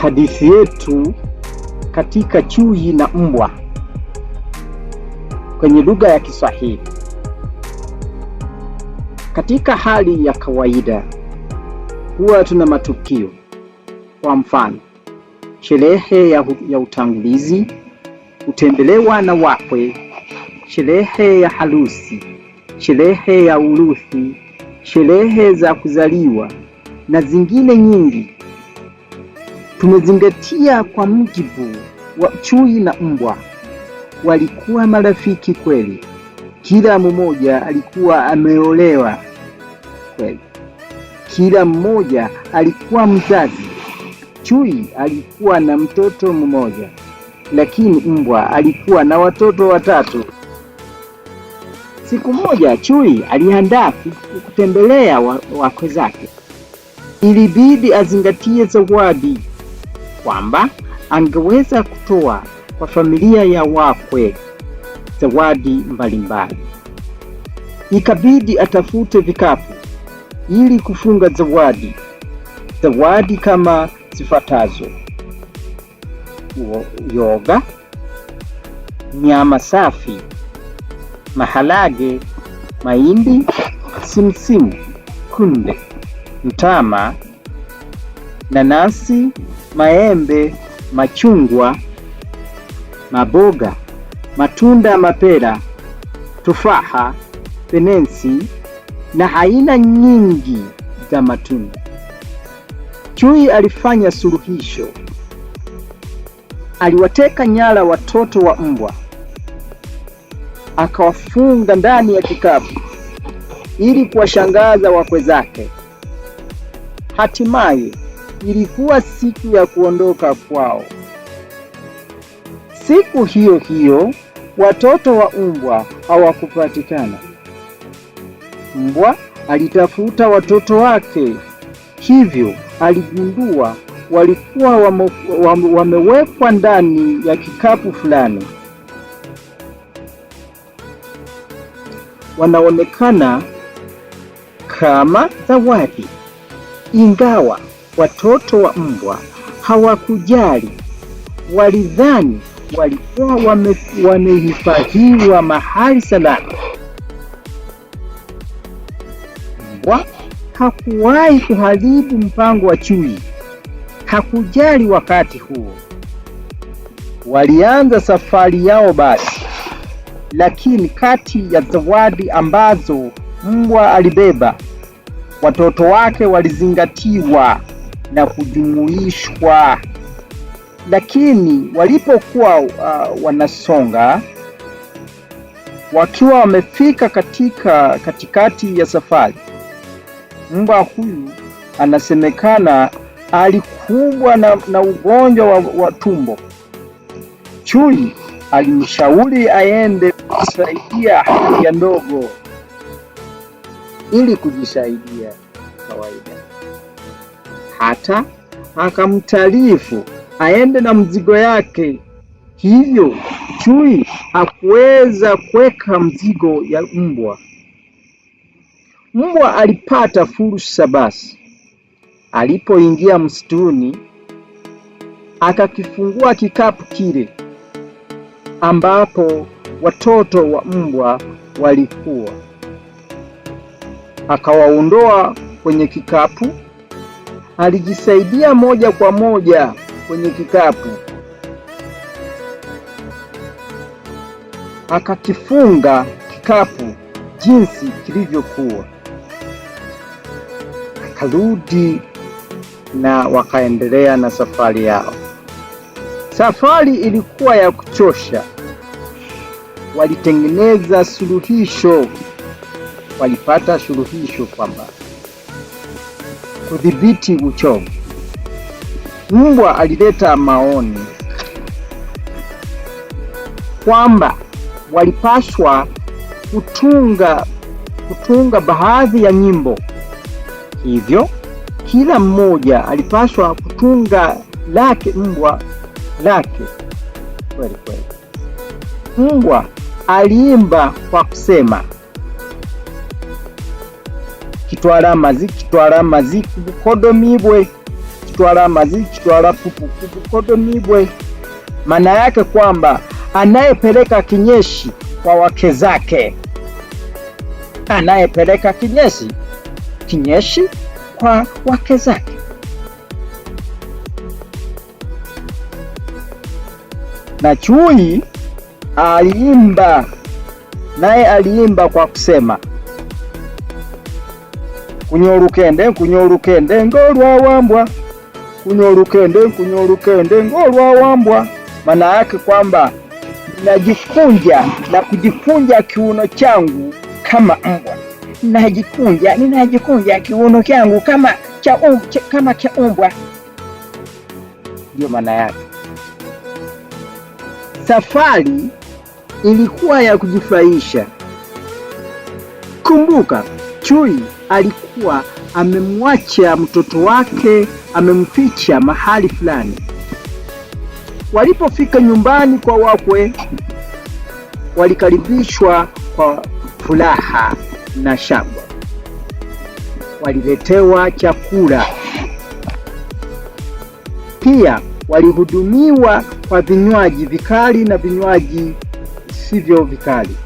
hadithi yetu katika chui na mbwa kwenye lugha ya Kiswahili. Katika hali ya kawaida huwa tuna matukio, kwa mfano sherehe ya, ya utangulizi, kutembelewa na wakwe, sherehe ya harusi, sherehe ya urithi, sherehe za kuzaliwa na zingine nyingi Tumezingatia kwa mujibu wa chui na mbwa walikuwa marafiki kweli, kila mmoja alikuwa ameolewa kweli, kila mmoja alikuwa mzazi. Chui alikuwa na mtoto mmoja, lakini mbwa alikuwa na watoto watatu. Siku moja chui aliandaa kutembelea wakwe zake, ilibidi azingatie zawadi kwamba angeweza kutoa kwa familia ya wakwe zawadi mbalimbali. Ikabidi atafute vikapu ili kufunga zawadi, zawadi kama zifuatazo: yoga nyama safi, maharage, mahindi, simsimu, kunde, mtama nanasi, maembe, machungwa, maboga, matunda ya mapera, tufaha, penensi na aina nyingi za matunda. Chui alifanya suluhisho. Aliwateka nyara watoto wa mbwa, akawafunga ndani ya kikapu ili kuwashangaza wakwe zake. Hatimaye ilikuwa siku ya kuondoka kwao. Siku hiyo hiyo watoto wa mbwa hawakupatikana. Mbwa alitafuta watoto wake, hivyo aligundua walikuwa wame, wamewekwa ndani ya kikapu fulani. Wanaonekana kama zawadi, ingawa Watoto wa mbwa hawakujali, walidhani walikuwa wame, wamehifadhiwa mahali salama. Mbwa hakuwahi kuharibu mpango wa chui, hakujali. Wakati huo walianza safari yao basi, lakini kati ya zawadi ambazo mbwa alibeba, watoto wake walizingatiwa na kujumuishwa, lakini walipokuwa uh, wanasonga wakiwa wamefika katika katikati ya safari, mbwa huyu anasemekana alikubwa na, na ugonjwa wa, wa tumbo. Chui alimshauri aende kusaidia haja ndogo ili kujisaidia kawaida hata akamtaarifu aende na mzigo yake. Hivyo chui hakuweza kuweka mzigo ya mbwa. Mbwa alipata fursa basi, alipoingia msituni akakifungua kikapu kile ambapo watoto wa mbwa walikuwa, akawaondoa kwenye kikapu alijisaidia moja kwa moja kwenye kikapu akakifunga kikapu jinsi kilivyokuwa, akarudi na wakaendelea na safari yao. Safari ilikuwa ya kuchosha, walitengeneza suluhisho, walipata suluhisho kwamba kudhibiti uchovu. Mbwa alileta maoni kwamba walipaswa kutunga kutunga baadhi ya nyimbo, hivyo kila mmoja alipaswa kutunga lake mbwa lake. Kweli kweli, mbwa aliimba kwa kusema kitwala amazi kitwala amazi kubukodomibwe kitwala amazi kitwala pupu kubukodomibwe. Maana yake kwamba anayepeleka kinyeshi kwa wake zake, anayepeleka kinyeshi kinyeshi kwa wake zake. Na chui aliimba naye aliimba kwa kusema kunyorukende kunyorukende ngolwawambwa kunyorukende kunyorukende ngolwawambwa, maana yake kwamba najifunja na kujifunja kiuno changu kama mbwa, najikunja ninajikunja kiuno changu kama cha um, cha, kama cha umbwa. ndio maana yake. Safari ilikuwa ya kujifurahisha. Kumbuka chui alikuwa amemwacha mtoto wake amemficha mahali fulani. Walipofika nyumbani kwa wakwe, walikaribishwa kwa furaha na shangwe, waliletewa chakula, pia walihudumiwa kwa vinywaji vikali na vinywaji sivyo vikali.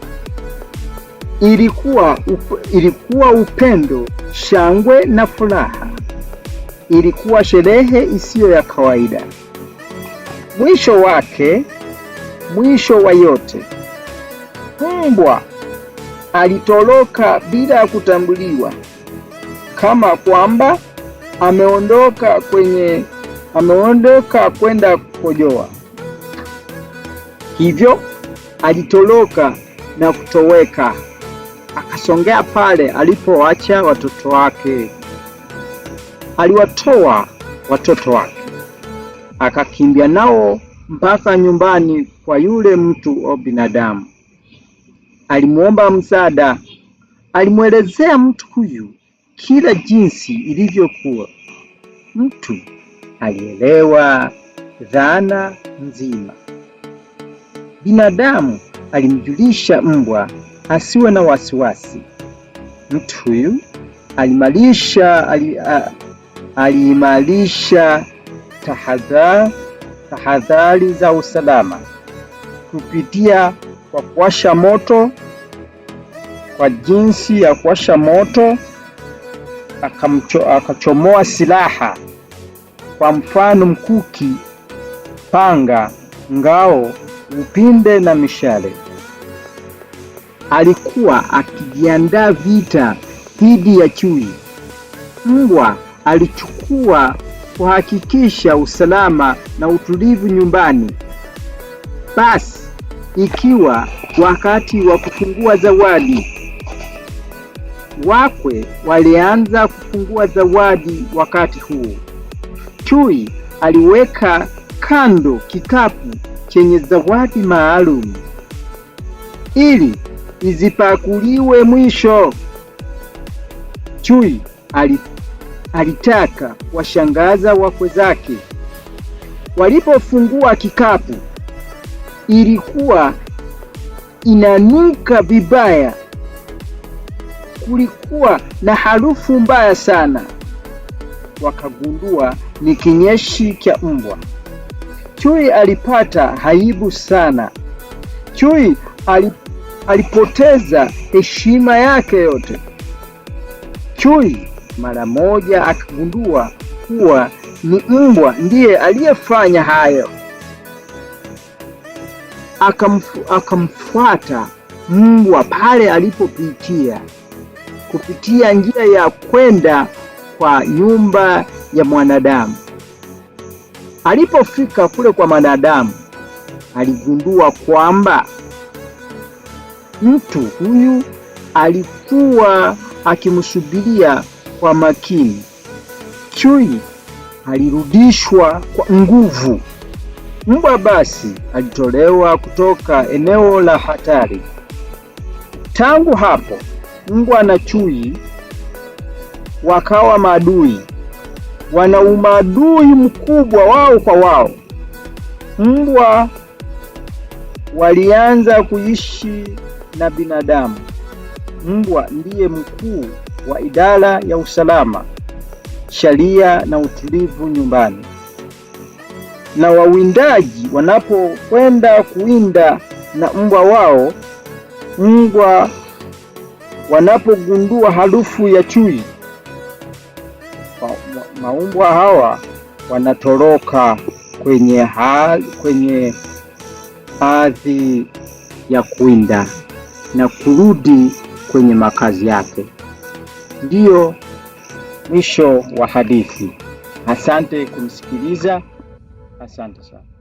Ilikuwa, up, ilikuwa upendo, shangwe na furaha. Ilikuwa sherehe isiyo ya kawaida. Mwisho wake, mwisho wa yote, mbwa alitoroka bila ya kutambuliwa, kama kwamba ameondoka kwenye ameondoka kwenda kukojoa. Hivyo alitoroka na kutoweka akasongea pale alipoacha watoto wake. Aliwatoa watoto wake akakimbia nao mpaka nyumbani kwa yule mtu wa binadamu. Alimuomba msaada, alimwelezea mtu huyu kila jinsi ilivyokuwa. Mtu alielewa dhana nzima. Binadamu alimjulisha mbwa asiwe na wasiwasi. Mtu huyu aliimarisha aliimarisha tahadhari tahadhari za usalama kupitia kwa kuwasha moto, kwa jinsi ya kuwasha moto, akachomoa silaha, kwa mfano mkuki, panga, ngao, upinde na mishale alikuwa akijiandaa vita dhidi ya chui. Mbwa alichukua kuhakikisha usalama na utulivu nyumbani. Basi ikiwa wakati wa kufungua zawadi, wakwe walianza kufungua zawadi. Wakati huo chui aliweka kando kikapu chenye zawadi maalum ili izipakuliwe mwisho. Chui alitaka washangaza wakwe zake. Walipofungua kikapu, ilikuwa inanuka vibaya. Kulikuwa na harufu mbaya sana. Wakagundua ni kinyeshi cha mbwa. Chui alipata aibu sana. Chui alipata alipoteza heshima yake yote. Chui mara moja akagundua kuwa ni mbwa ndiye aliyefanya hayo. akamfuata mbwa pale alipopitia kupitia njia ya kwenda kwa nyumba ya mwanadamu. Alipofika kule kwa mwanadamu, aligundua kwamba Mtu huyu alikuwa akimsubiria kwa makini. Chui alirudishwa kwa nguvu. Mbwa basi alitolewa kutoka eneo la hatari. Tangu hapo, mbwa na chui wakawa maadui. Wana umaadui mkubwa wao kwa wao. Mbwa walianza kuishi na binadamu. Mbwa ndiye mkuu wa idara ya usalama, sheria na utulivu nyumbani, na wawindaji wanapokwenda kuwinda na mbwa wao, mbwa wanapogundua harufu ya chui, maumbwa hawa wanatoroka kwenye hali kwenye ya kuwinda na kurudi kwenye makazi yake. Ndiyo mwisho wa hadithi. Asante kumsikiliza. Asante sana.